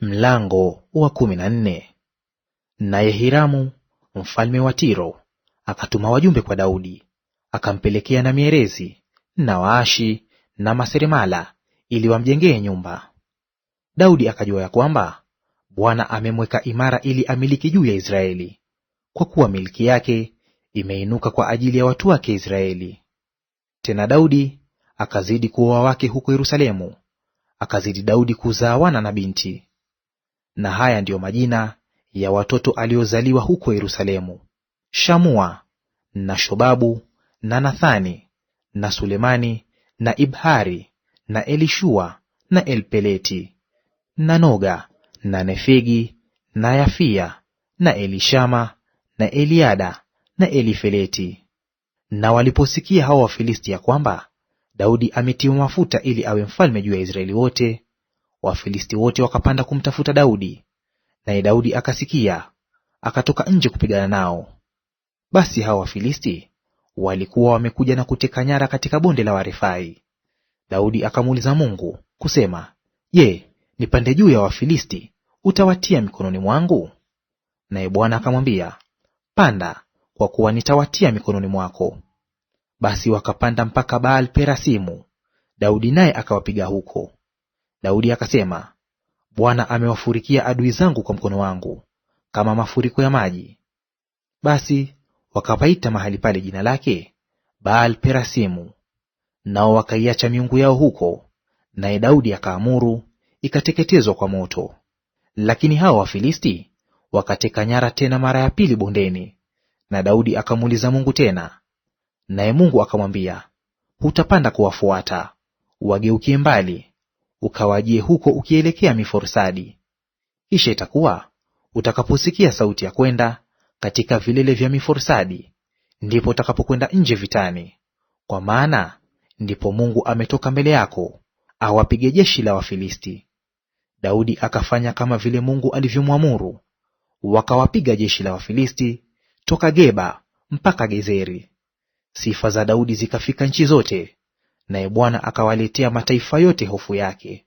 Mlango wa kumi na nne. Naye Hiramu mfalme wa Tiro akatuma wajumbe kwa Daudi, akampelekea na mierezi na waashi na maseremala, ili wamjengee nyumba. Daudi akajua ya kwamba Bwana amemweka imara ili amiliki juu ya Israeli, kwa kuwa milki yake imeinuka kwa ajili ya watu wake Israeli. Tena Daudi akazidi kuoa wake huko Yerusalemu, akazidi Daudi kuzaa wana na binti. Na haya ndiyo majina ya watoto aliozaliwa huko Yerusalemu: Shamua na Shobabu na Nathani na Sulemani na Ibhari na Elishua na Elpeleti na Noga na Nefegi na Yafia na Elishama na Eliada na Elifeleti. Na waliposikia hao Wafilisti ya kwamba Daudi ametiwa mafuta ili awe mfalme juu ya Israeli wote, Wafilisti wote wakapanda kumtafuta Daudi, naye Daudi akasikia, akatoka nje kupigana nao. Basi hao Wafilisti walikuwa wamekuja na kuteka nyara katika bonde la Warefai. Daudi akamuuliza Mungu kusema, Je, nipande juu ya Wafilisti, utawatia mikononi mwangu? Naye Bwana akamwambia, Panda, kwa kuwa nitawatia mikononi mwako. Basi wakapanda mpaka Baal Perasimu, Daudi naye akawapiga huko. Daudi akasema, Bwana amewafurikia adui zangu kwa mkono wangu kama mafuriko ya maji. Basi wakapaita mahali pale jina lake Baal Perasimu, nao wakaiacha miungu yao huko, naye Daudi akaamuru ikateketezwa kwa moto. Lakini hao Wafilisti wakateka nyara tena mara ya pili bondeni, na Daudi akamuuliza Mungu tena, naye Mungu akamwambia, hutapanda kuwafuata, wageukie mbali ukawajie huko ukielekea Miforsadi. Kisha itakuwa utakaposikia sauti ya kwenda katika vilele vya Miforsadi, ndipo utakapokwenda nje vitani, kwa maana ndipo Mungu ametoka mbele yako awapige jeshi la Wafilisti. Daudi akafanya kama vile Mungu alivyomwamuru, wakawapiga jeshi la Wafilisti toka Geba mpaka Gezeri. Sifa za Daudi zikafika nchi zote, naye Bwana akawaletea mataifa yote hofu yake.